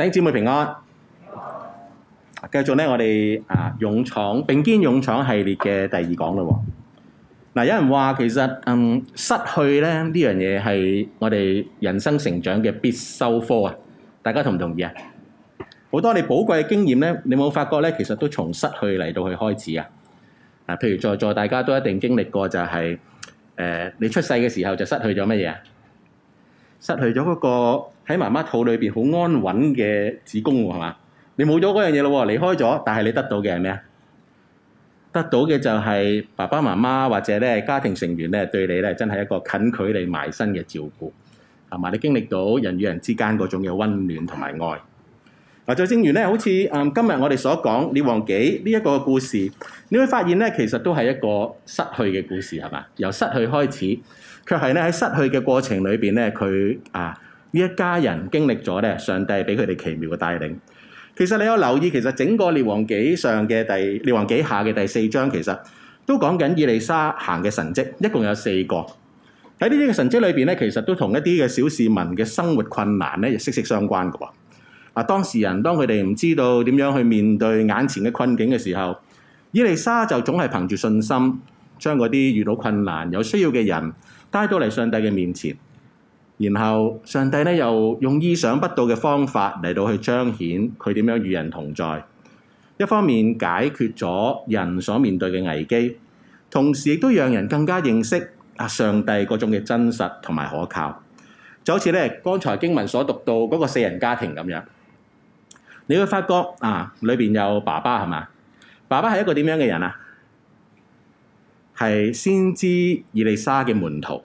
各位姊妹平安，啊，繼續咧，我哋啊勇闖並肩勇闖系列嘅第二講啦。嗱，有人話其實嗯，失去咧呢樣嘢係我哋人生成長嘅必修科啊。大家同唔同意啊？好多你寶貴嘅經驗咧，你有冇發覺咧？其實都從失去嚟到去開始啊。嗱，譬如在座大家都一定經歷過就係誒，你出世嘅時候就失去咗乜嘢啊？失去咗嗰個。喺媽媽肚裏邊好安穩嘅子宮喎，係嘛？你冇咗嗰樣嘢咯，離開咗，但係你得到嘅係咩啊？得到嘅就係爸爸媽媽或者咧家庭成員咧對你咧真係一個近距離埋身嘅照顧，係嘛？你經歷到人與人之間嗰種嘅溫暖同埋愛。嗱，就正如咧，好似誒今日我哋所講你忘記呢一個故事，你會發現咧，其實都係一個失去嘅故事，係嘛？由失去開始，卻係咧喺失去嘅過程裏邊咧，佢啊～呢一家人經歷咗咧，上帝俾佢哋奇妙嘅帶領。其實你有留意，其實整個列王紀上嘅第列王紀下嘅第四章，其實都講緊以利沙行嘅神跡，一共有四個。喺呢啲嘅神跡裏邊咧，其實都同一啲嘅小市民嘅生活困難咧，亦息息相關嘅喎。啊，當事人當佢哋唔知道點樣去面對眼前嘅困境嘅時候，以利沙就總係憑住信心，將嗰啲遇到困難有需要嘅人帶到嚟上帝嘅面前。然後上帝呢又用意想不到嘅方法嚟到去彰顯佢點樣與人同在，一方面解決咗人所面對嘅危機，同時亦都讓人更加認識啊上帝嗰種嘅真實同埋可靠。就好似呢剛才經文所讀到嗰個四人家庭咁樣，你會發覺啊裏面有爸爸係嘛？爸爸係一個點樣嘅人啊？係先知以利沙嘅門徒。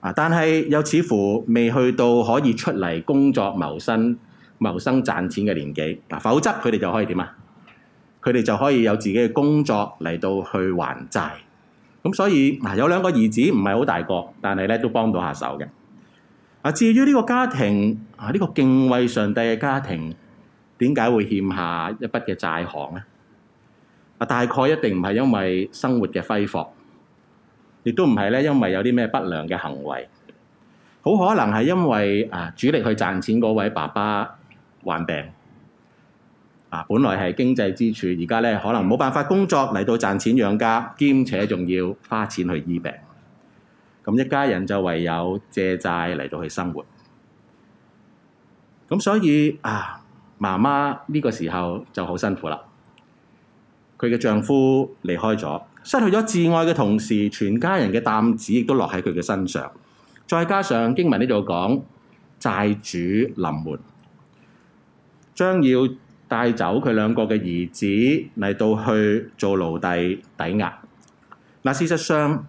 啊！但係又似乎未去到可以出嚟工作謀生、謀生賺錢嘅年紀，啊！否則佢哋就可以點啊？佢哋就可以有自己嘅工作嚟到去還債。咁所以啊，有兩個兒子唔係好大個，但係咧都幫到下手嘅。啊，至於呢個家庭啊，呢、呢個敬畏上帝嘅家庭點解會欠下一筆嘅債項咧？啊，大概一定唔係因為生活嘅揮霍。亦都唔係咧，因為有啲咩不良嘅行為，好可能係因為啊，主力去賺錢嗰位爸爸患病啊，本來係經濟支柱，而家咧可能冇辦法工作嚟到賺錢養家，兼且仲要花錢去醫病，咁一家人就唯有借債嚟到去生活。咁所以啊，媽媽呢個時候就好辛苦啦。佢嘅丈夫離開咗。失去咗摯愛嘅同時，全家人嘅擔子亦都落喺佢嘅身上。再加上經文呢度講，債主臨門，將要帶走佢兩個嘅兒子嚟到去做奴隸抵押。嗱，事實上，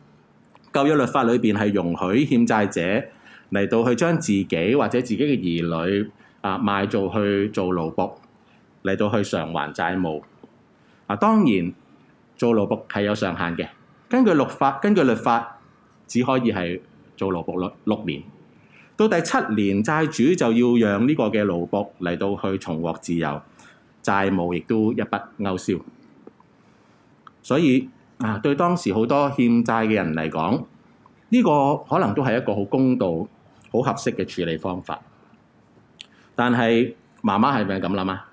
舊約律法裏邊係容許欠債者嚟到去將自己或者自己嘅兒女啊賣做去做奴僕嚟到去償還債務。嗱，當然。做奴僕係有上限嘅，根據律法，根據律法只可以係做奴僕六六年，到第七年債主就要讓呢個嘅奴僕嚟到去重獲自由，債務亦都一筆勾銷。所以啊，對當時好多欠債嘅人嚟講，呢、呢個可能都係一個好公道、好合適嘅處理方法。但係媽媽係咪咁諗啊？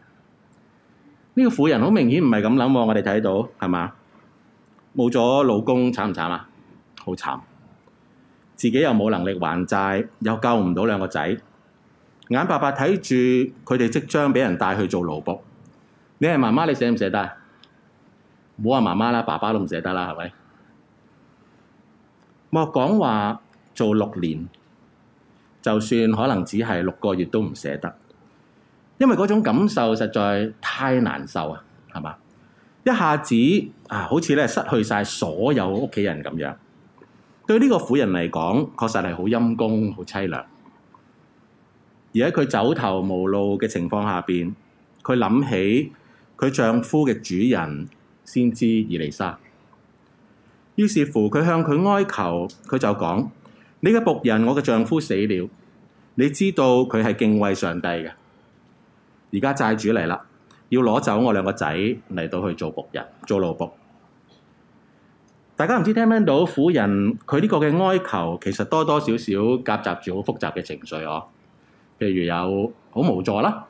呢個婦人好明顯唔係咁諗，我哋睇到係嘛？冇咗老公慘唔慘啊？好慘，自己又冇能力還債，又救唔到兩個仔，眼白白睇住佢哋即將俾人帶去做勞僕。你係媽媽，你捨唔捨得啊？冇話媽媽啦，爸爸都唔捨得啦，係咪？莫講話做六年，就算可能只係六個月都唔捨得，因為嗰種感受實在太難受啊，係嘛？一下子、啊、好似咧失去晒所有屋企人咁樣，對呢個婦人嚟講，確實係好陰公、好淒涼。而喺佢走投無路嘅情況下邊，佢諗起佢丈夫嘅主人先知以利沙，於是乎佢向佢哀求，佢就講：你嘅僕人，我嘅丈夫死了，你知道佢係敬畏上帝嘅，而家債主嚟啦。要攞走我兩個仔嚟到去做僕人，做老僕。大家唔知聽唔聽到？婦人佢呢個嘅哀求，其實多多少少夾雜住好複雜嘅情緒呵。譬如有好無助啦，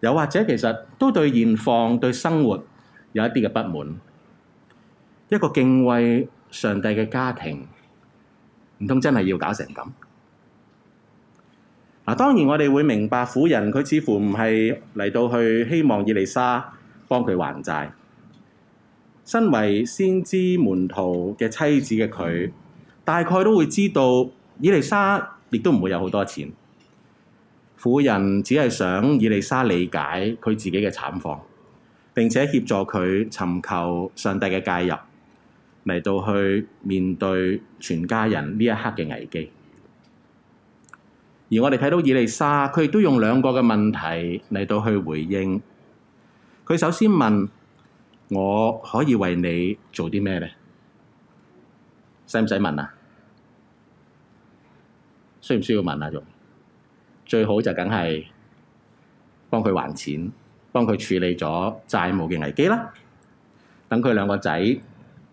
又或者其實都對現況、對生活有一啲嘅不滿。一個敬畏上帝嘅家庭，唔通真係要搞成咁？嗱，當然我哋會明白婦，婦人佢似乎唔係嚟到去希望以利沙幫佢還債。身為先知門徒嘅妻子嘅佢，大概都會知道以利沙亦都唔會有好多錢。婦人只係想以利沙理解佢自己嘅慘況，並且協助佢尋求上帝嘅介入，嚟到去面對全家人呢一刻嘅危機。而我哋睇到以利沙，佢亦都用兩個嘅問題嚟到去回應。佢首先問：我可以為你做啲咩咧？使唔使問啊？需唔需要問啊？仲最好就梗係幫佢還錢，幫佢處理咗債務嘅危機啦。等佢兩個仔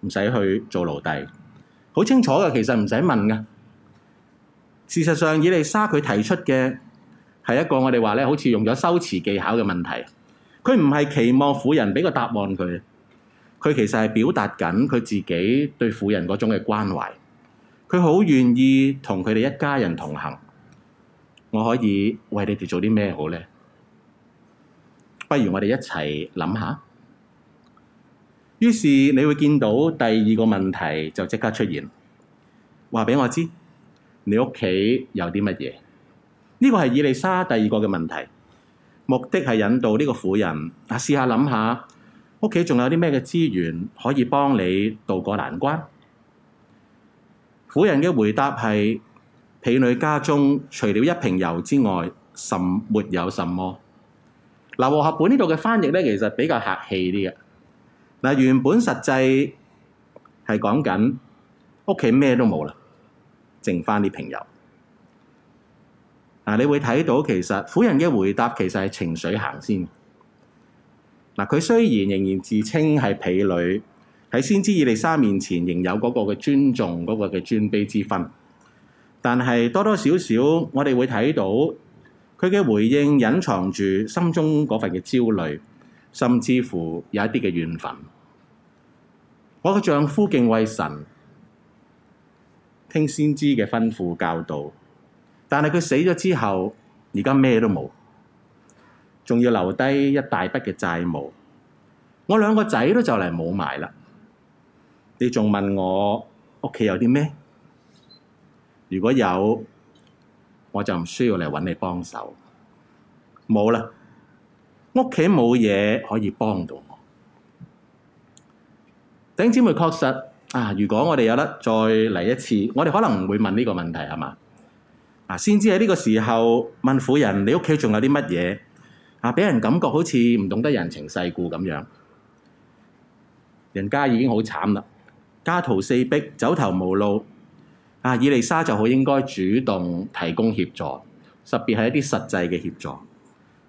唔使去做奴隸，好清楚嘅。其實唔使問㗎。事實上，以利沙佢提出嘅係一個我哋話咧，好似用咗修辭技巧嘅問題。佢唔係期望婦人畀個答案佢，佢其實係表達緊佢自己對婦人嗰種嘅關懷。佢好願意同佢哋一家人同行。我可以為你哋做啲咩好咧？不如我哋一齊諗下。於是你會見到第二個問題就即刻出現。話畀我知。你屋企有啲乜嘢？呢個係以利沙第二個嘅問題，目的係引導呢個婦人。嗱，試下諗下，屋企仲有啲咩嘅資源可以幫你渡過難關？婦人嘅回答係：婢女家中除咗一瓶油之外，甚沒有什麼。嗱，和合本呢度嘅翻譯咧，其實比較客氣啲嘅。嗱，原本實際係講緊屋企咩都冇啦。剩翻啲朋友，啊！你會睇到其實婦人嘅回答其實係情緒行先。嗱、啊，佢雖然仍然自稱係婢女，喺先知以利沙面前仍有嗰個嘅尊重，嗰、那個嘅尊卑之分。但係多多少少我，我哋會睇到佢嘅回應隱藏住心中嗰份嘅焦慮，甚至乎有一啲嘅怨憤。我嘅丈夫敬畏神。聽先知嘅吩咐教導，但係佢死咗之後，而家咩都冇，仲要留低一大筆嘅債務。我兩個仔都就嚟冇埋啦，你仲問我屋企有啲咩？如果有，我就唔需要嚟揾你幫手。冇啦，屋企冇嘢可以幫到我。頂姊妹確實。啊！如果我哋有得再嚟一次，我哋可能唔會問呢個問題係嘛？啊，先知喺呢個時候問婦人：你屋企仲有啲乜嘢？啊，俾人感覺好似唔懂得人情世故咁樣。人家已經好慘啦，家徒四壁，走投無路。啊，以利沙就好應該主動提供協助，特別係一啲實際嘅協助。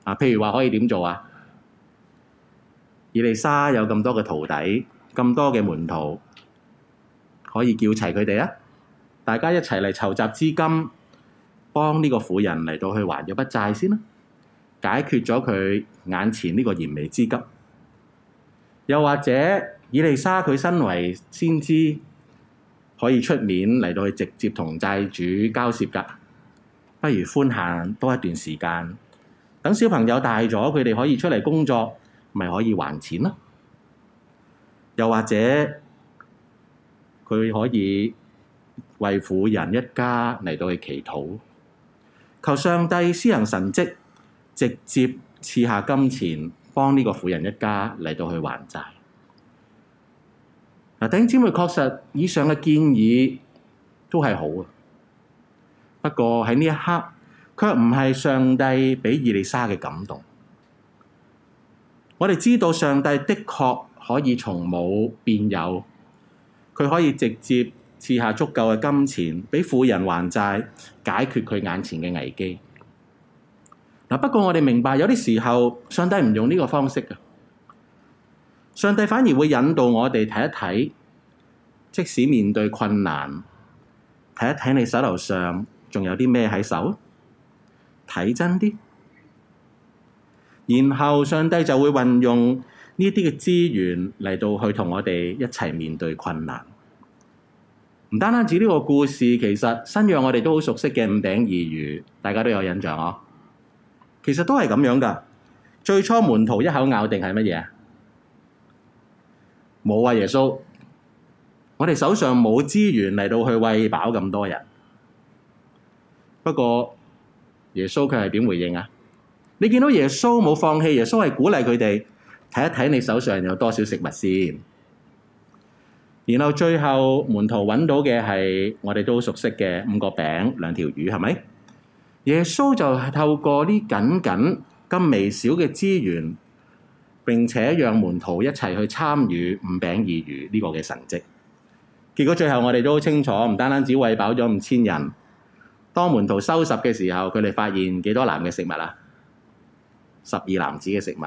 啊，譬如話可以點做啊？以利沙有咁多嘅徒弟，咁多嘅門徒。可以叫齊佢哋啊！大家一齊嚟籌集資金，幫呢個婦人嚟到去還咗筆債先啦，解決咗佢眼前呢個燃眉之急。又或者，以利沙佢身為先知，可以出面嚟到去直接同債主交涉㗎。不如寬限多一段時間，等小朋友大咗，佢哋可以出嚟工作，咪可以還錢咯。又或者，佢可以為婦人一家嚟到去祈禱，求上帝施行神跡，直接賜下金錢幫呢個婦人一家嚟到去還債。嗱，弟兄姊妹，確實以上嘅建議都係好嘅。不過喺呢一刻，卻唔係上帝畀以利沙嘅感動。我哋知道上帝的確可以從冇變有。佢可以直接賜下足夠嘅金錢，俾婦人還債，解決佢眼前嘅危機。不過我哋明白，有啲時候上帝唔用呢個方式，上帝反而會引導我哋睇一睇，即使面對困難，睇一睇你手頭上仲有啲咩喺手，睇真啲，然後上帝就會運用。呢啲嘅資源嚟到去同我哋一齊面對困難，唔單單止呢個故事。其實新約我哋都好熟悉嘅五餅二魚，大家都有印象哦。其實都係咁樣㗎。最初門徒一口咬定係乜嘢？冇啊！耶穌，我哋手上冇資源嚟到去餵飽咁多人。不過耶穌佢係點回應啊？你見到耶穌冇放棄，耶穌係鼓勵佢哋。睇一睇你手上有多少食物先，然後最後門徒揾到嘅係我哋都熟悉嘅五個餅兩條魚，係咪？耶穌就透過呢僅僅咁微小嘅資源，並且讓門徒一齊去參與五餅二魚呢個嘅神跡。結果最後我哋都清楚，唔單單只喂飽咗五千人。當門徒收拾嘅時候，佢哋發現幾多男嘅食物啊？十二男子嘅食物。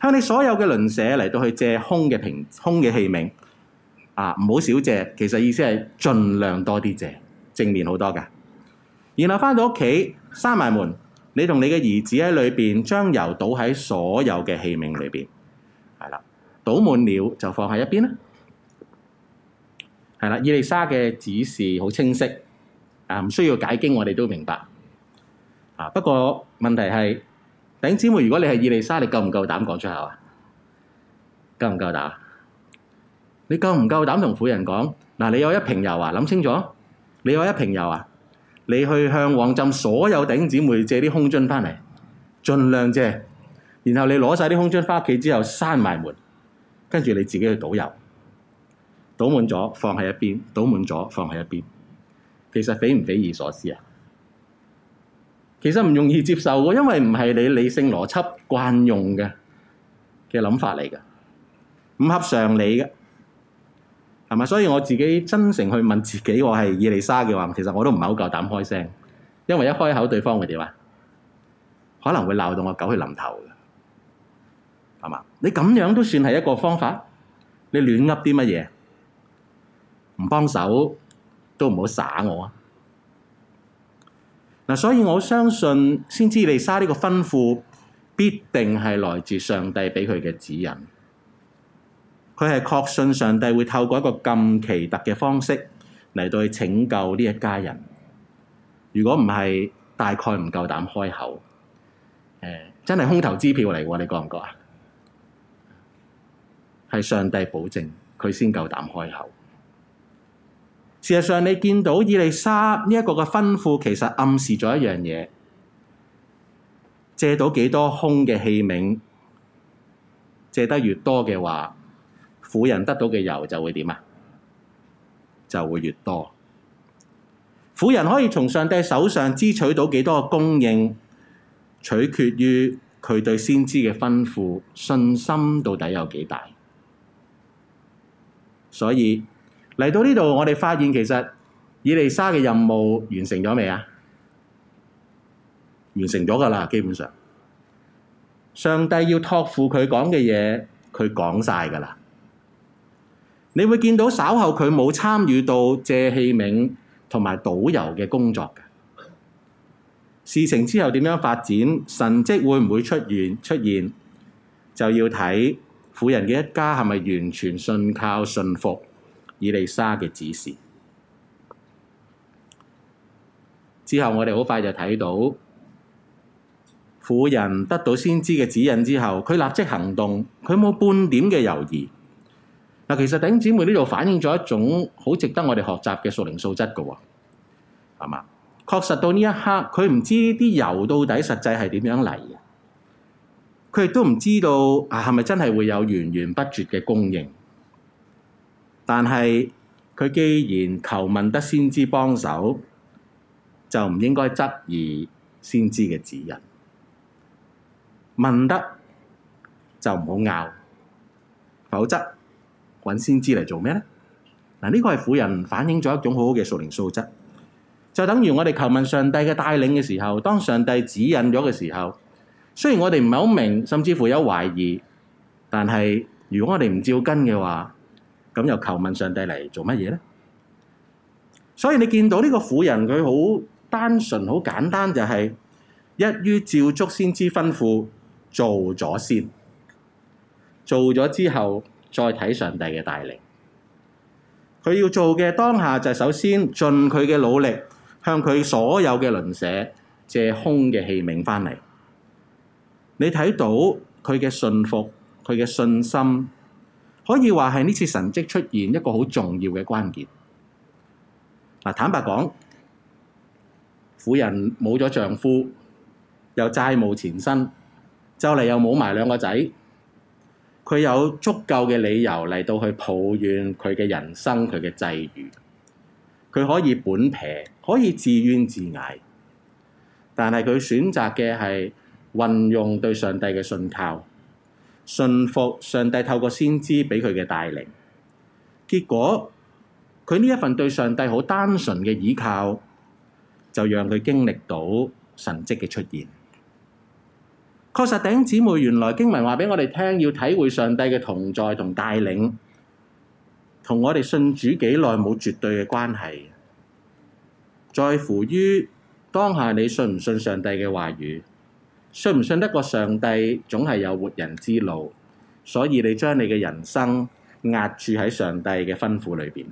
向你所有嘅鄰舍嚟到去借空嘅瓶、空嘅器皿，啊唔好少借，其實意思係盡量多啲借，正面好多㗎。然後返到屋企，閂埋門，你同你嘅兒子喺裏邊，將油倒喺所有嘅器皿裏邊，係啦，倒滿了就放喺一邊啦。係啦，以利沙嘅指示好清晰，啊唔需要解經，我哋都明白。啊不過問題係。頂姊妹，如果你係以利沙，你夠唔夠膽講出口啊？夠唔夠膽？你夠唔夠膽同婦人講？嗱，你有一瓶油啊，諗清楚，你有一瓶油啊，你去向旺浸所有頂姊妹借啲空樽返嚟，盡量借，然後你攞晒啲空樽返屋企之後閂埋門，跟住你自己去倒油，倒滿咗放喺一邊，倒滿咗放喺一邊，其實匪唔匪夷所思啊？其實唔容易接受嘅，因為唔係你理性邏輯慣用嘅嘅諗法嚟嘅，唔合常理嘅，係嘛？所以我自己真誠去問自己，我係以利沙嘅話，其實我都唔係好夠膽開聲，因為一開口對方會點啊？可能會鬧到我狗血淋頭嘅，係嘛？你咁樣都算係一個方法？你亂噏啲乜嘢？唔幫手都唔好耍我啊！所以我相信，先知利沙呢個吩咐必定係來自上帝畀佢嘅指引。佢係確信上帝會透過一個咁奇特嘅方式嚟到去拯救呢一家人。如果唔係，大概唔夠膽開口。欸，真係空頭支票嚟喎！你覺唔覺啊？係上帝保證佢先夠膽開口。事實上，你見到以利沙呢一個嘅吩咐，其實暗示咗一樣嘢：借到幾多空嘅器皿，借得越多嘅話，婦人得到嘅油就會點啊？就會越多。婦人可以從上帝手上支取到幾多嘅供應，取決於佢對先知嘅吩咐信心到底有幾大。所以。嚟到呢度，我哋發現其實以利沙嘅任務完成咗未啊？完成咗噶啦，基本上上帝要託付佢講嘅嘢，佢講曬噶啦。你會見到稍後佢冇參與到借器皿同埋倒油嘅工作嘅。事情之後點樣發展？神跡會唔會出現？出現就要睇婦人嘅一家係咪完全信靠、信服。以利沙嘅指示之後，我哋好快就睇到婦人得到先知嘅指引之後，佢立即行動，佢冇半點嘅猶豫。嗱，其實頂姊妹呢度反映咗一種好值得我哋學習嘅屬靈素質嘅喎，係嘛？確實到呢一刻，佢唔知啲油到底實際係點樣嚟嘅，佢亦都唔知道係咪、啊、真係會有源源不絕嘅供應。但係佢既然求問得先知幫手，就唔應該質疑先知嘅指引。問得就唔好拗，否則揾先知嚟做咩咧？嗱、啊，呢、這個係婦人反映咗一種好好嘅屬靈素質，就等於我哋求問上帝嘅帶領嘅時候，當上帝指引咗嘅時候，雖然我哋唔係好明，甚至乎有懷疑，但係如果我哋唔照跟嘅話，咁又求問上帝嚟做乜嘢咧？所以你見到呢個婦人，佢好單純、好簡單，就係一於照足先知吩咐做咗先，做咗之後再睇上帝嘅帶領。佢要做嘅當下就首先盡佢嘅努力，向佢所有嘅鄰舍借空嘅器皿翻嚟。你睇到佢嘅信服，佢嘅信心。可以話係呢次神蹟出現一個好重要嘅關鍵。嗱、啊，坦白講，婦人冇咗丈夫，又債務纏身，就嚟又冇埋兩個仔，佢有足夠嘅理由嚟到去抱怨佢嘅人生，佢嘅際遇。佢可以本撇，可以自怨自艾，但係佢選擇嘅係運用對上帝嘅信靠。信服上帝，透過先知俾佢嘅帶領，結果佢呢一份對上帝好單純嘅倚靠，就讓佢經歷到神跡嘅出現。確實，弟兄姊妹原來經文話畀我哋聽，要體會上帝嘅同在同帶領，同我哋信主幾耐冇絕對嘅關係，在乎於當下你信唔信上帝嘅話語。信唔信得過上帝，總係有活人之路，所以你將你嘅人生押注喺上帝嘅吩咐裏邊。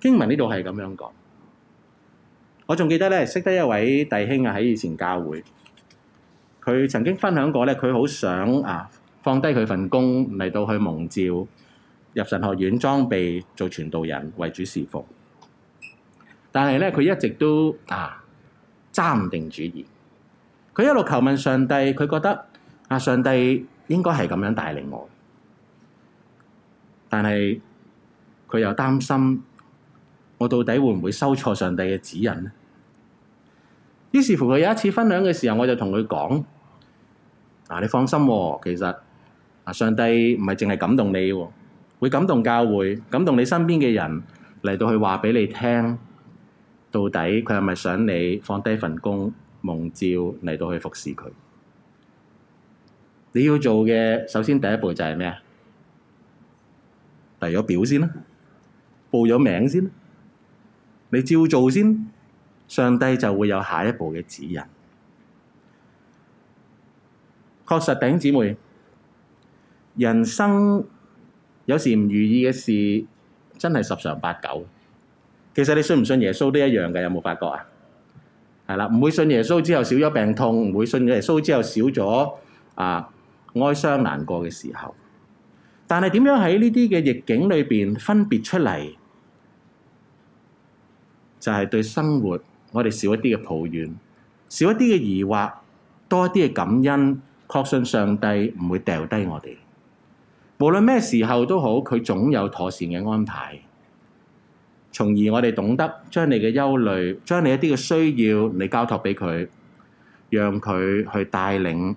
經文呢度係咁樣講，我仲記得咧，識得一位弟兄啊，喺以前教會，佢曾經分享過咧，佢好想啊放低佢份工，嚟到去蒙召入神學院裝備，做傳道人為主事奉，但係咧佢一直都啊揸唔定主意。佢一路求問上帝，佢覺得啊，上帝應該係咁樣帶領我，但係佢又擔心，我到底會唔會收錯上帝嘅指引呢？於是乎，佢有一次分享嘅時候，我就同佢講：啊，你放心喎，其實啊，上帝唔係淨係感動你喎，會感動教會，感動你身邊嘅人嚟到去話畀你聽，到底佢係咪想你放低份工？蒙召嚟到去服侍佢，你要做嘅首先第一步就係咩啊？遞咗表先啦，報咗名先啦，啊，你照做先，上帝就會有下一步嘅指引。確實，弟兄姊妹，人生有時唔如意嘅事真係十常八九。其實你信唔信耶穌都一樣嘅，有冇發覺啊？係啦，唔會信耶穌之後少咗病痛，唔會信耶穌之後少咗啊哀傷難過嘅時候。但係點樣喺呢啲嘅逆境裏邊分別出嚟？就係對生活我哋少一啲嘅抱怨，少一啲嘅疑惑，多一啲嘅感恩，確信上帝唔會掉低我哋。無論咩時候都好，佢總有妥善嘅安排。從而我哋懂得將你嘅憂慮，將你一啲嘅需要，你交託畀佢，讓佢去帶領，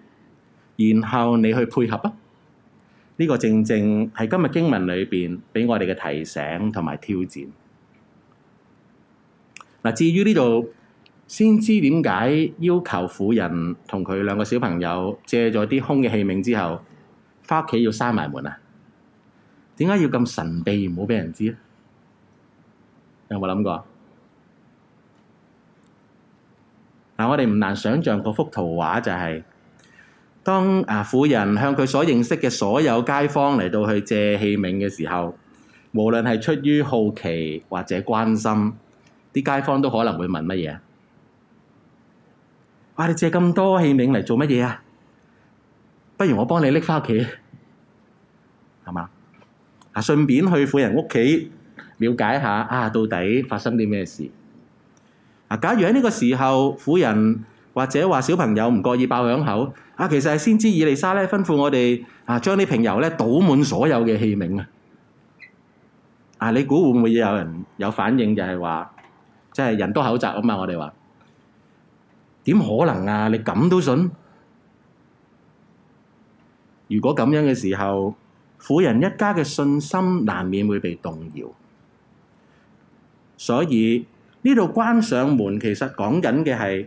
然後你去配合啊！呢個正正係今日經文裏邊畀我哋嘅提醒同埋挑戰。嗱，至於呢度先知點解要求婦人同佢兩個小朋友借咗啲空嘅器皿之後，返屋企要閂埋門啊？點解要咁神秘，唔好畀人知咧？有冇諗過？嗱，我哋唔難想象嗰幅圖畫就係，當啊婦人向佢所認識嘅所有街坊嚟到去借器皿嘅時候，無論係出於好奇或者關心，啲街坊都可能會問乜嘢？哇！你借咁多器皿嚟做乜嘢啊？不如我幫你拎返屋企，係嘛？啊，順便去婦人屋企。了解下啊，到底發生啲咩事啊？假如喺呢個時候，婦人或者話小朋友唔覺意爆響口啊，其實係先知以利沙咧吩咐我哋啊，將呢瓶油咧倒滿所有嘅器皿啊。啊，你估會唔會有人有反應？就係話即係人多口雜啊嘛。我哋話點可能啊？你咁都信？如果咁樣嘅時候，婦人一家嘅信心難免會被動搖。所以呢度關上門，其實講緊嘅係，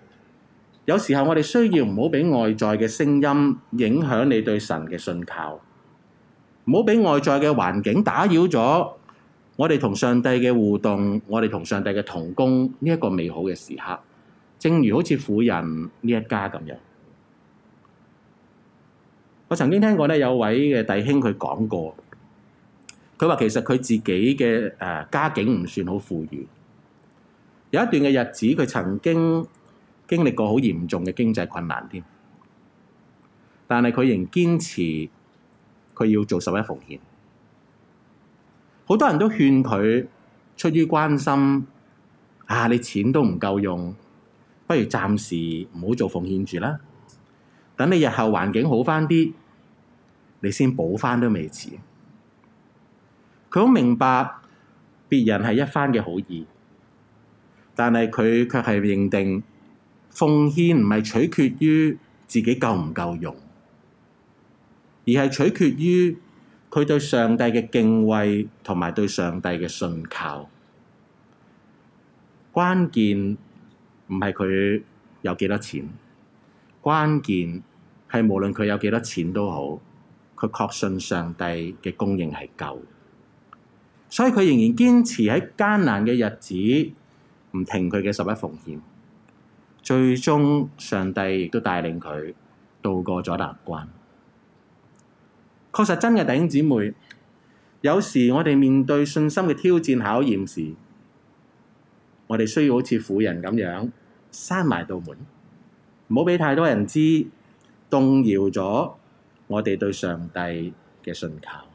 有時候我哋需要唔好俾外在嘅聲音影響你對神嘅信靠，唔好俾外在嘅環境打擾咗我哋同上帝嘅互動，我哋同上帝嘅同工呢一個美好嘅時刻，正如好似婦人呢一家咁樣。我曾經聽過咧，有位嘅弟兄佢講過。佢話其實佢自己嘅誒家境唔算好富裕，有一段嘅日子佢曾經經歷過好嚴重嘅經濟困難添，但係佢仍堅持佢要做十一奉獻。好多人都勸佢，出於關心，啊，你錢都唔夠用，不如暫時唔好做奉獻住啦，等你日後環境好返啲，你先補返都未遲。佢好明白，別人係一番嘅好意，但係佢卻係認定奉獻唔係取決於自己夠唔夠用，而係取決於佢對上帝嘅敬畏同埋對上帝嘅信靠。關鍵唔係佢有幾多錢，關鍵係無論佢有幾多錢都好，佢確信上帝嘅供應係夠嘅。所以佢仍然堅持喺艱難嘅日子，唔停佢嘅十一奉獻，最終上帝亦都帶領佢渡過咗難關。確實真嘅，弟兄姊妹，有時我哋面對信心嘅挑戰考驗時，我哋需要好似婦人咁樣閂埋道門，唔好俾太多人知，動搖咗我哋對上帝嘅信靠。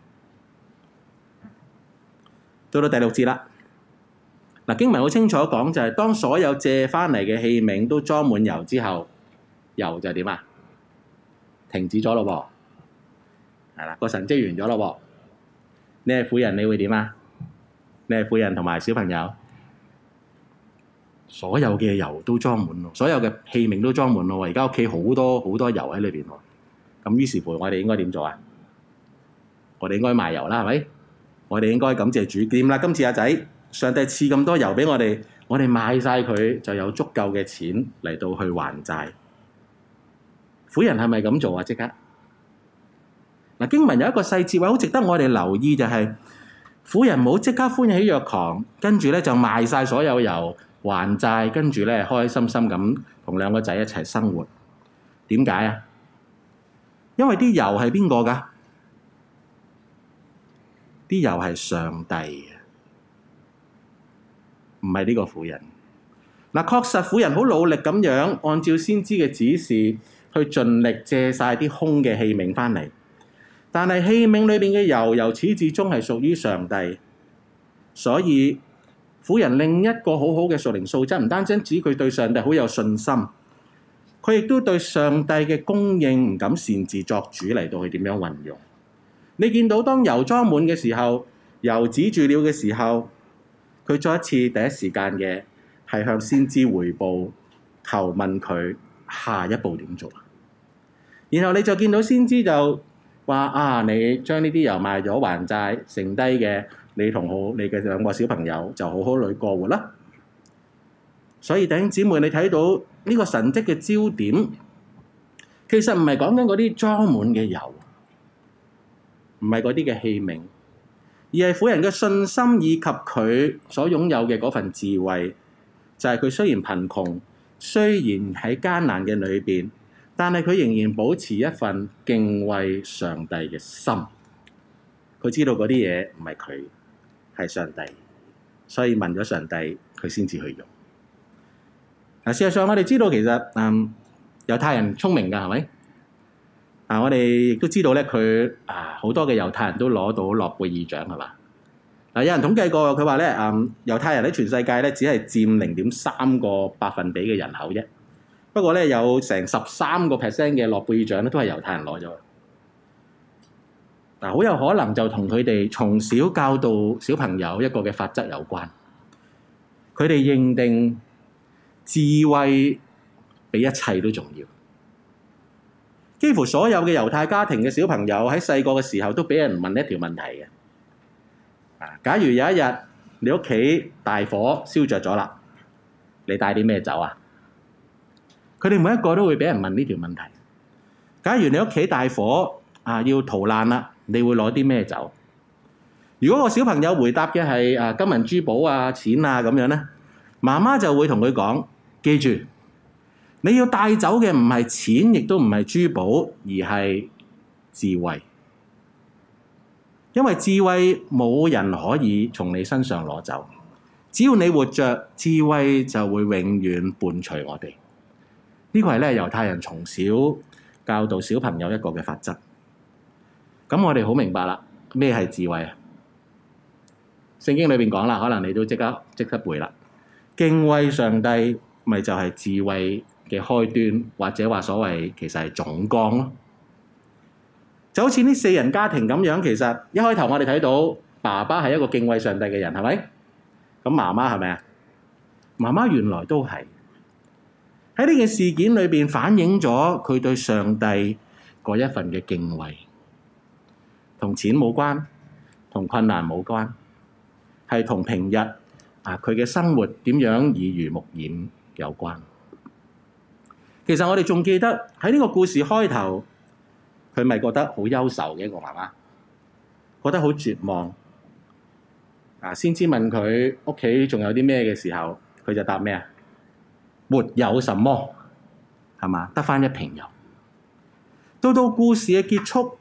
做到第六節啦。嗱、啊，經文好清楚講就係、是，當所有借翻嚟嘅器皿都裝滿油之後，油就點啊？停止咗咯噃，係啦，個神跡完咗咯噃。你係婦人你，你會點啊？你係婦人同埋小朋友，所有嘅油都裝滿咯，所有嘅器皿都裝滿咯。而家屋企好多好多油喺裏邊喎。咁於是乎我，我哋應該點做啊？我哋應該賣油啦，係咪？我哋應該感謝主點啦！今次阿仔，上帝賜咁多油俾我哋，我哋賣曬佢就有足夠嘅錢嚟到去還債。婦人係咪咁做啊？即刻嗱，經文有一個細節位好值得我哋留意，就係婦人冇即刻歡喜若狂，跟住咧就賣曬所有油還債，跟住咧開開心心咁同兩個仔一齊生活。點解啊？因為啲油係邊個㗎？啲油係上帝嘅，唔係呢個婦人。嗱，確實婦人好努力咁樣，按照先知嘅指示去盡力借晒啲空嘅器皿翻嚟，但係器皿裏面嘅油由始至終係屬於上帝。所以婦人另一個好好嘅屬靈素質，唔單止指佢對上帝好有信心，佢亦都對上帝嘅供應唔敢擅自作主嚟到去點樣運用。你見到當油裝滿嘅時候，油止住了嘅時候，佢再一次第一時間嘅係向先知回報，求問佢下一步點做。然後你就見到先知就話啊，你將呢啲油賣咗還債，剩低嘅你同好你嘅兩個小朋友就好好哋過活啦。所以弟兄姊妹，你睇到呢個神跡嘅焦點，其實唔係講緊嗰啲裝滿嘅油。唔係嗰啲嘅器皿，而係婦人嘅信心以及佢所擁有嘅嗰份智慧，就係、是、佢雖然貧窮，雖然喺艱難嘅裏邊，但係佢仍然保持一份敬畏上帝嘅心。佢知道嗰啲嘢唔係佢，係上帝，所以問咗上帝，佢先至去用。事實上我哋知道其實，嗯，猶太人聰明㗎，係咪？啊！我哋亦都知道咧，佢啊好多嘅猶太人都攞到諾貝爾獎係嘛？嗱、啊，有人統計過，佢話咧，嗯，猶太人喺全世界咧只係佔零點三個百分比嘅人口啫。不過咧，有成十三個 percent 嘅諾貝爾獎咧都係猶太人攞咗。嗱、啊，好有可能就同佢哋從小教導小朋友一個嘅法則有關。佢哋認定智慧比一切都重要。幾乎所有嘅猶太家庭嘅小朋友喺細個嘅時候都畀人問一條問題嘅。啊，假如有一日你屋企大火燒着咗啦，你帶啲咩走啊？佢哋每一個都會畀人問呢條問題。假如你屋企大火啊要逃難啦，你會攞啲咩走？如果個小朋友回答嘅係啊金銀珠寶啊錢啊咁樣咧，媽媽就會同佢講：記住。你要帶走嘅唔係錢，亦都唔係珠寶，而係智慧。因為智慧冇人可以從你身上攞走，只要你活着，智慧就會永遠伴隨我哋。呢、這個係咧猶太人從小教導小朋友一個嘅法則。咁我哋好明白啦，咩係智慧啊？聖經裏面講啦，可能你都即刻，即刻背啦，敬畏上帝咪就係智慧。嘅開端，或者話所謂其實係總綱咯，就好似呢四人家庭咁樣，其實一開頭我哋睇到爸爸係一個敬畏上帝嘅人，係咪？咁媽媽係咪啊？媽媽原來都係喺呢件事件裏邊反映咗佢對上帝嗰一份嘅敬畏，同錢冇關，同困難冇關，係同平日啊佢嘅生活點樣耳濡目染有關。其實我哋仲記得喺呢個故事開頭，佢咪覺得好憂愁嘅一個媽媽，覺得好絕望啊！先知問佢屋企仲有啲咩嘅時候，佢就答咩啊？沒有什麼，係嘛？得返一瓶油。到到故事嘅結束，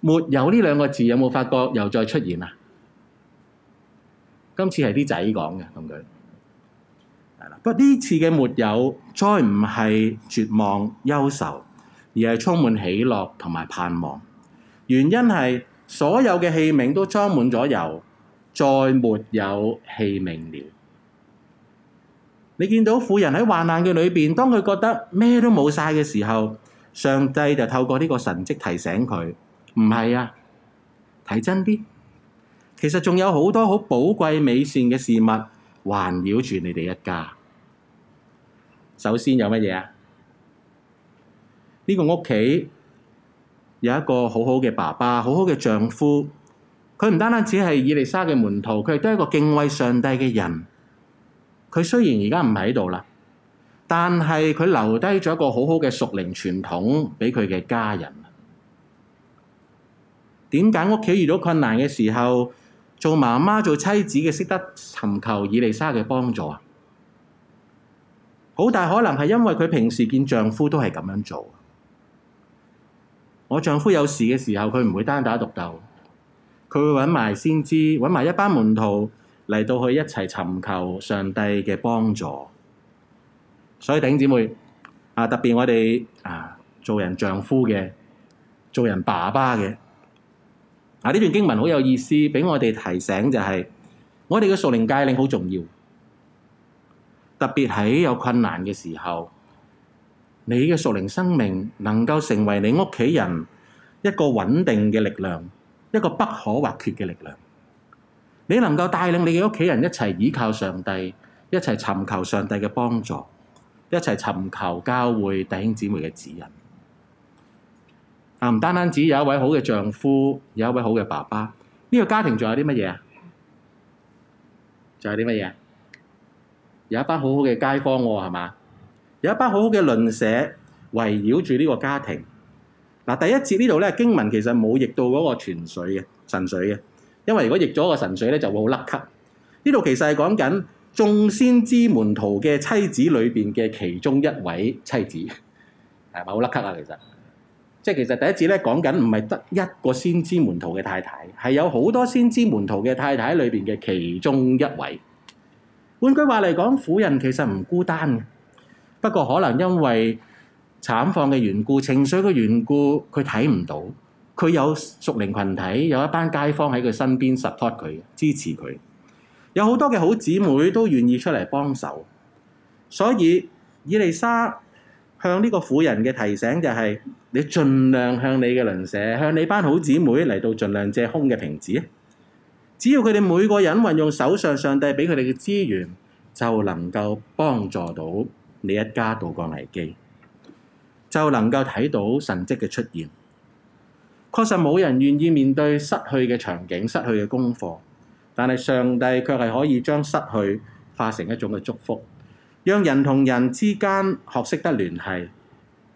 沒有呢兩個字有冇發覺又再出現啊？今次係啲仔講嘅同佢。對係啦，不過呢次嘅沒有，再唔係絕望憂愁，而係充滿喜樂同埋盼望。原因係所有嘅器皿都裝滿咗油，再沒有器皿了。你見到婦人喺患難嘅裏邊，當佢覺得咩都冇晒嘅時候，上帝就透過呢個神跡提醒佢：唔係啊，睇真啲，其實仲有好多好寶貴美善嘅事物。環繞住你哋一家。首先有乜嘢啊？呢、這個屋企有一個好好嘅爸爸，好好嘅丈夫。佢唔單單只係以利沙嘅門徒，佢亦都係一個敬畏上帝嘅人。佢雖然而家唔喺度啦，但係佢留低咗一個好好嘅屬靈傳統畀佢嘅家人。點解屋企遇到困難嘅時候，做媽媽、做妻子嘅，識得尋求以利沙嘅幫助啊！好大可能係因為佢平時見丈夫都係咁樣做。我丈夫有事嘅時候，佢唔會單打獨鬥，佢會揾埋先知，揾埋一班門徒嚟到去一齊尋求上帝嘅幫助。所以頂姊妹啊，特別我哋啊，做人丈夫嘅，做人爸爸嘅，嗱，呢段經文好有意思，俾我哋提醒就係、是，我哋嘅屬靈界領好重要，特別喺有困難嘅時候，你嘅屬靈生命能夠成為你屋企人一個穩定嘅力量，一個不可或缺嘅力量。你能夠帶領你嘅屋企人一齊倚靠上帝，一齊尋求上帝嘅幫助，一齊尋求教會弟兄姊妹嘅指引。嗱，唔、啊、單單止有一位好嘅丈夫，有一位好嘅爸爸，呢、這個家庭仲有啲乜嘢啊？仲有啲乜嘢啊？有一班好好嘅街坊喎、哦，係嘛？有一班好好嘅鄰舍圍繞住呢個家庭。嗱、啊，第一節呢度咧經文其實冇譯到嗰個泉水嘅神水嘅，因為如果譯咗個神水咧就會好甩咳。呢度其實係講緊眾先知門徒嘅妻子裏邊嘅其中一位妻子，係咪好甩咳啊？其實？即係其實第一節呢講緊，唔係得一個先知門徒嘅太太，係有好多先知門徒嘅太太喺裏邊嘅其中一位。換句話嚟講，婦人其實唔孤單嘅，不過可能因為慘況嘅緣故、情緒嘅緣故，佢睇唔到佢有屬靈群體，有一班街坊喺佢身邊 support 佢，支持佢，有多好多嘅好姊妹都願意出嚟幫手，所以以利沙向呢個婦人嘅提醒就係、是。你盡量向你嘅鄰舍、向你班好姊妹嚟到，盡量借空嘅瓶子。只要佢哋每個人運用手上上帝畀佢哋嘅資源，就能夠幫助到你一家渡過危機，就能夠睇到神跡嘅出現。確實冇人願意面對失去嘅場景、失去嘅功課，但係上帝卻係可以將失去化成一種嘅祝福，讓人同人之間學識得聯繫。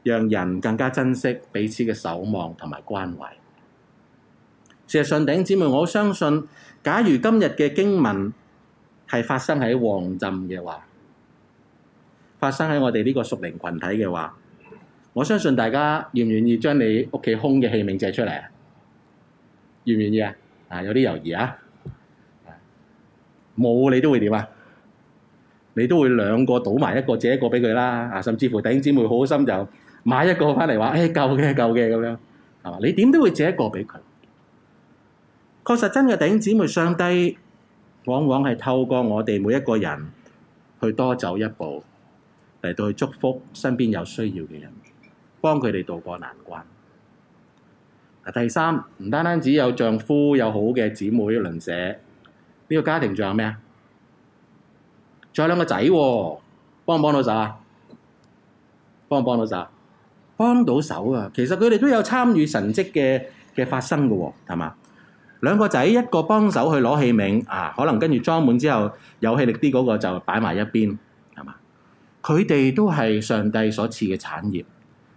讓人更加珍惜彼此嘅守望同埋關懷。事實上，頂姊妹，我相信，假如今日嘅經文係發生喺旺浸嘅話，發生喺我哋呢個屬靈群體嘅話，我相信大家願唔願意將你屋企空嘅器皿借出嚟啊？願唔願意啊？啊，有啲猶豫啊！冇你都會點啊？你都會兩個倒埋一個借一個俾佢啦！啊，甚至乎頂姊妹好心就～買一個翻嚟話，誒，夠嘅，夠嘅，咁樣係嘛？你點都會借一個俾佢。確實真嘅弟兄姊妹，上帝往往係透過我哋每一個人去多走一步，嚟到去祝福身邊有需要嘅人，幫佢哋渡過難關。嗱，第三，唔單單只有丈夫有好嘅姊妹鄰舍，呢個家庭仲有咩啊？仲有兩個仔，幫唔幫到手啊？幫唔幫到手？幫到手啊！其實佢哋都有參與神蹟嘅嘅發生嘅喎、哦，係嘛？兩個仔一個幫手去攞器皿，啊，可能跟住裝滿之後有氣力啲嗰個就擺埋一邊，係嘛？佢哋都係上帝所賜嘅產業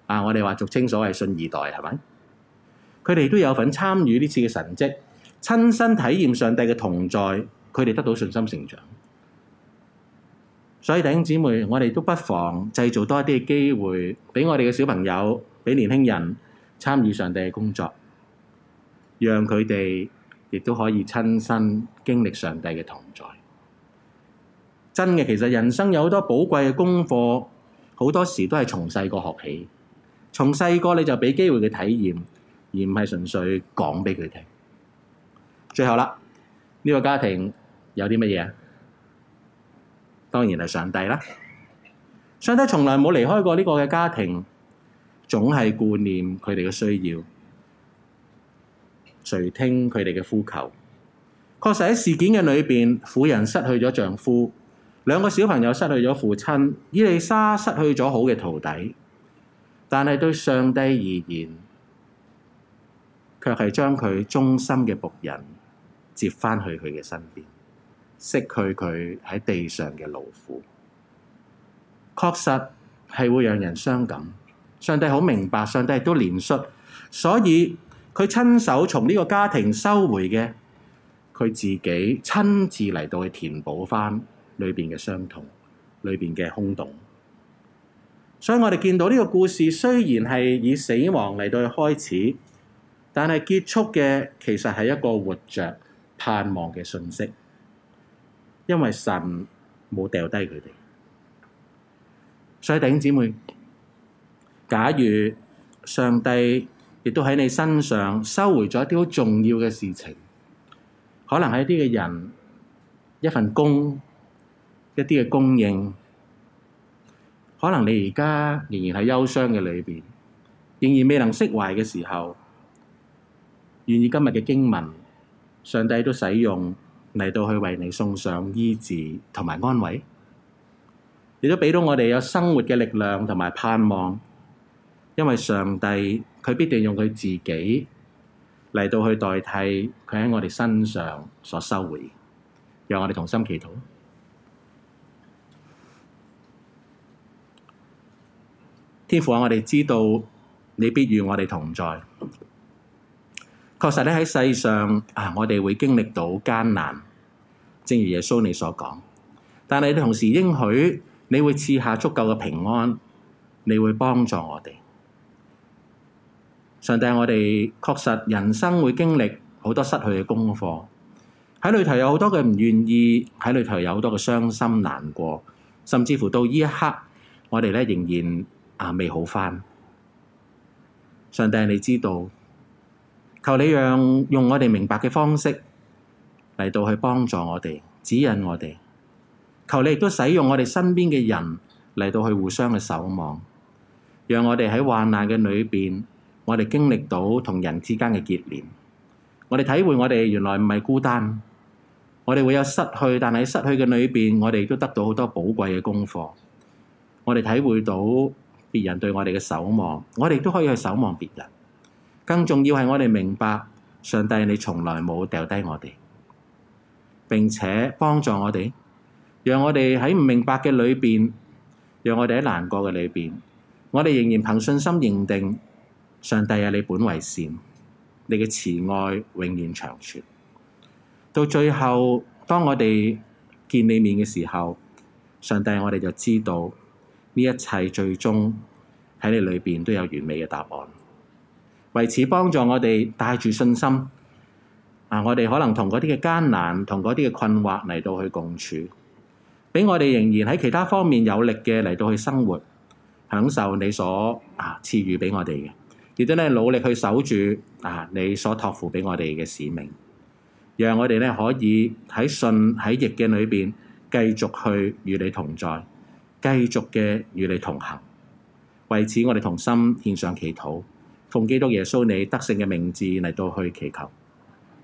啊！我哋話俗稱所謂信二代係咪？佢哋都有份參與呢次嘅神蹟，親身體驗上帝嘅同在，佢哋得到信心成長。所以弟兄姊妹，我哋都不妨製造多一啲機會，俾我哋嘅小朋友，俾年輕人參與上帝嘅工作，讓佢哋亦都可以親身經歷上帝嘅同在。真嘅，其實人生有好多寶貴嘅功課，好多時都係從細個學起。從細個你就俾機會佢體驗，而唔係純粹講俾佢聽。最後啦，呢、這個家庭有啲乜嘢？當然係上帝啦！上帝從來冇離開過呢個嘅家庭，總係顧念佢哋嘅需要，垂聽佢哋嘅呼求。確實喺事件嘅裏邊，婦人失去咗丈夫，兩個小朋友失去咗父親，以利沙失去咗好嘅徒弟。但係對上帝而言，卻係將佢忠心嘅僕人接返去佢嘅身邊。失去佢喺地上嘅勞苦，確實係會讓人傷感。上帝好明白，上帝亦都憐恤，所以佢親手從呢個家庭收回嘅佢自己，親自嚟到去填補翻裏邊嘅傷痛，裏邊嘅空洞。所以我哋見到呢個故事，雖然係以死亡嚟到去開始，但係結束嘅其實係一個活着盼望嘅訊息。因為神冇掉低佢哋，所以弟兄姊妹，假如上帝亦都喺你身上收回咗一啲好重要嘅事情，可能係一啲嘅人、一份工、一啲嘅供應，可能你而家仍然喺憂傷嘅裏邊，仍然未能釋懷嘅時候，願意今日嘅經文，上帝都使用。嚟到去為你送上醫治同埋安慰，亦都畀到我哋有生活嘅力量同埋盼望。因為上帝佢必定用佢自己嚟到去代替佢喺我哋身上所收回，讓我哋同心祈禱。天父啊，我哋知道你必與我哋同在。確實咧喺世上啊，我哋會經歷到艱難。正如耶穌你所講，但係同時應許，你會賜下足夠嘅平安，你會幫助我哋。上帝，我哋確實人生會經歷好多失去嘅功課，喺裏頭有好多嘅唔願意，喺裏頭有好多嘅傷心難過，甚至乎到呢一刻，我哋咧仍然啊未好翻。上帝，你知道，求你讓用我哋明白嘅方式。嚟到去幫助我哋，指引我哋。求你亦都使用我哋身邊嘅人嚟到去互相嘅守望，讓我哋喺患難嘅裏邊，我哋經歷到同人之間嘅結連。我哋體會我哋原來唔係孤單，我哋會有失去，但係喺失去嘅裏邊，我哋亦都得到好多寶貴嘅功課。我哋體會到別人對我哋嘅守望，我哋亦都可以去守望別人。更重要係，我哋明白上帝你從，你從來冇掉低我哋。並且幫助我哋，讓我哋喺唔明白嘅裏邊，讓我哋喺難過嘅裏邊，我哋仍然憑信心認定上帝係你本為善，你嘅慈愛永遠長存。到最後，當我哋見你面嘅時候，上帝，我哋就知道呢一切最終喺你裏邊都有完美嘅答案。為此幫助我哋帶住信心。嗱、啊，我哋可能同嗰啲嘅艱難，同嗰啲嘅困惑嚟到去共處，俾我哋仍然喺其他方面有力嘅嚟到去生活，享受你所啊賜予俾我哋嘅，亦都咧努力去守住啊你所託付俾我哋嘅使命，讓我哋咧可以喺信喺逆境裏邊繼續去與你同在，繼續嘅與你同行。為此，我哋同心獻上祈禱，奉基督耶穌你得勝嘅名字嚟到去祈求。